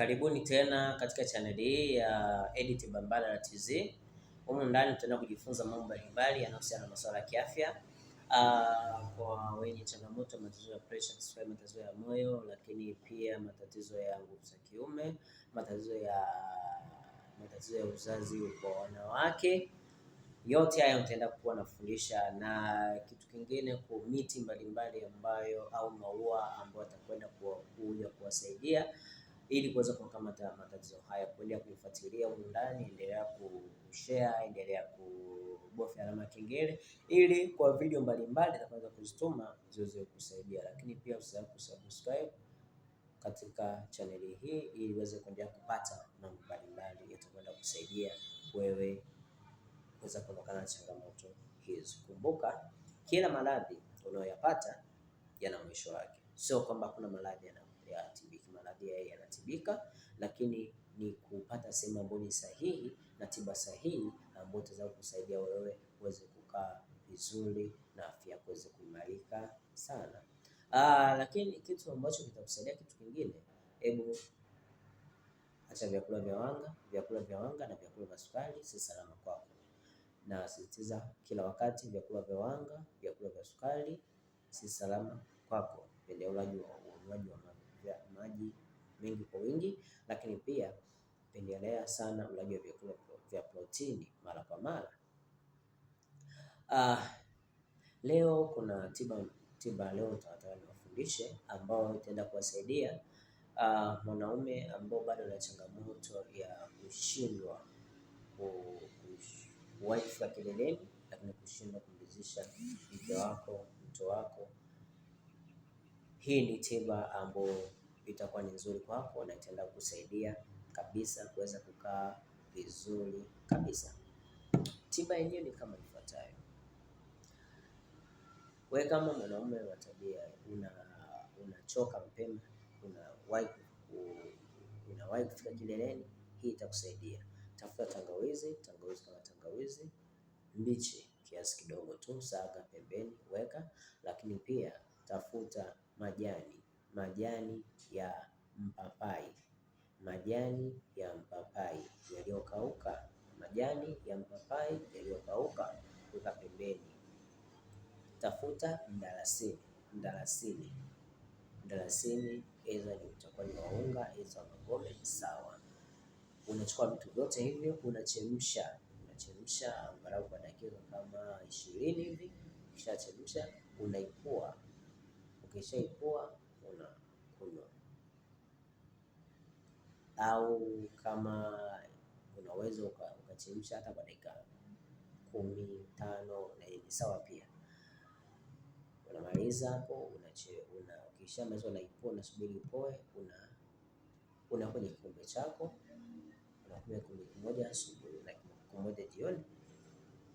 Karibuni tena katika chaneli hii ya Edith na TZ. Humu ndani tutaenda kujifunza mambo mbalimbali yanayohusiana na masuala ya kiafya ah, kwa wenye changamoto ya matatizo ya pressure, matatizo ya moyo, lakini pia matatizo ya nguvu za kiume, matatizo ya matatizo ya uzazi kwa wanawake. Yote haya mtaenda kuwa nafundisha, na kitu kingine ku miti mbalimbali ambayo au maua ambayo atakwenda kuja kuwasaidia ili kuweza kukamata matatizo haya. Kuendelea kuifuatilia huko ndani, endelea kushare, endelea kubofya alama kengele, ili kwa video mbalimbali takaweza kuzituma ziweze kusaidia, lakini pia usisahau kusubscribe katika chaneli hii ili uweze kuendelea kupata mambo mbalimbali yatakwenda kusaidia wewe kuweza kuondokana na changamoto hizo. Kumbuka, kila maradhi unayoyapata yana mwisho wake, sio kwamba kuna maradhi yana hayatibiki, maradhi haya yanatibika, lakini ni kupata sehemu ambayo ni sahihi na tiba sahihi ambayo itaweza kusaidia wewe uweze kukaa vizuri na afya yako iweze kuimarika sana. Aa, ah, lakini kitu ambacho kitakusaidia, kitu kingine, hebu acha vyakula vya wanga. Vyakula vya wanga na vyakula vya sukari si salama kwako, na sisitiza kila wakati, vyakula vya wanga, vyakula vya sukari si salama kwako, enye ulaji wa vya maji mengi kwa wingi, lakini pia pendelea sana ulaji wa vyakula vya protini mara kwa mara. Uh, leo kuna tiba tiba leo nitataka niwafundishe ambao itaenda kuwasaidia uh, mwanaume ambao bado ana changamoto ya kushindwa kuwahi kileleni, lakini kushindwa kumridhisha mke wako, mtoto wako hii ni tiba ambayo itakuwa ni nzuri kwako na itaenda kusaidia kabisa kuweza kukaa vizuri kabisa. Tiba yenyewe ni kama ifuatayo. Wewe kama mwanaume wa tabia unachoka, una mapema, unawahi unawahi kufika kileleni, hii itakusaidia. Tafuta tangawizi, tangawizi kama tangawizi mbichi kiasi kidogo tu, saga pembeni, weka. Lakini pia majani ya mpapai yaliyokauka weka pembeni. Tafuta mdalasini. Mdalasini, mdalasini aidha ni uchakwaji wa unga, eza magome, sawa. Unachukua vitu vyote hivyo unachemsha, unachemsha angalau kwa dakika kama ishirini hivi. Ukishachemsha unaipua, ukishaipua unakunywa, au kama unaweza uka ukachemsha hata kwa dakika kumi tano na ni sawa pia. Unamaliza hapo ukishamaliza, unaipoa unasubiri ipoe, una kwenye kikombe chako, unakunywa kikombe kimoja asubuhi na kimoja jioni,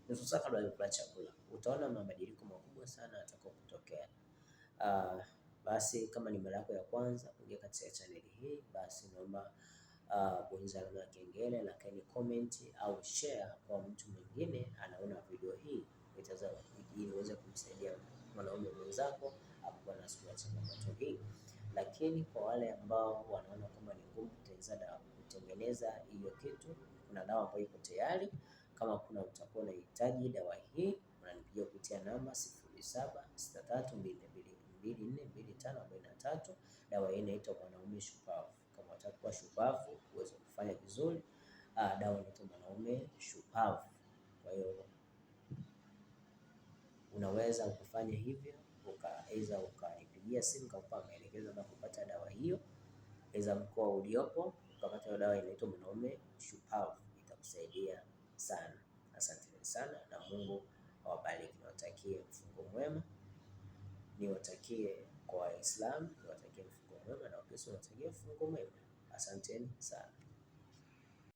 nusu saa kabla ya kula chakula. Utaona mabadiliko makubwa sana yatakapotokea. Uh, basi kama ni mara yako ya kwanza kuingia katika chaneli hii, basi naomba uh, bonyeza alama ya kengele, lakini comment au share kwa mtu mwingine anaona video hii itaweza uweze kumsaidia mwanaume mwenzako akuwa na changamoto hii. Lakini kwa wale ambao wanaona kwamba ni ngumu kutengeneza hiyo kitu, kuna dawa ambayo iko tayari. Kama kuna utakuwa unahitaji dawa hii, unanipigia kupitia namba sifuri saba sita tatu mbili mbili mbili nne mbili tano arobaini na tatu. Dawa hii inaitwa Mwanaume Shupavu watakuwa shupavu uweze kufanya vizuri. Ah, dawa inaitwa mwanaume shupavu. Kwa hiyo unaweza ukafanya hivyo, aidha ukanipigia simu kakupa maelekezo na kupata dawa hiyo, aidha mkoa uliopo ukapata hiyo dawa. Inaitwa mwanaume shupavu, itakusaidia sana. Asanteni sana na Mungu awabariki. Niwatakie mfungo mwema, niwatakie kwa Waislamu niwatakie mfungo mwema na Wakristo niwatakie mfungo mwema. Asanteni sana.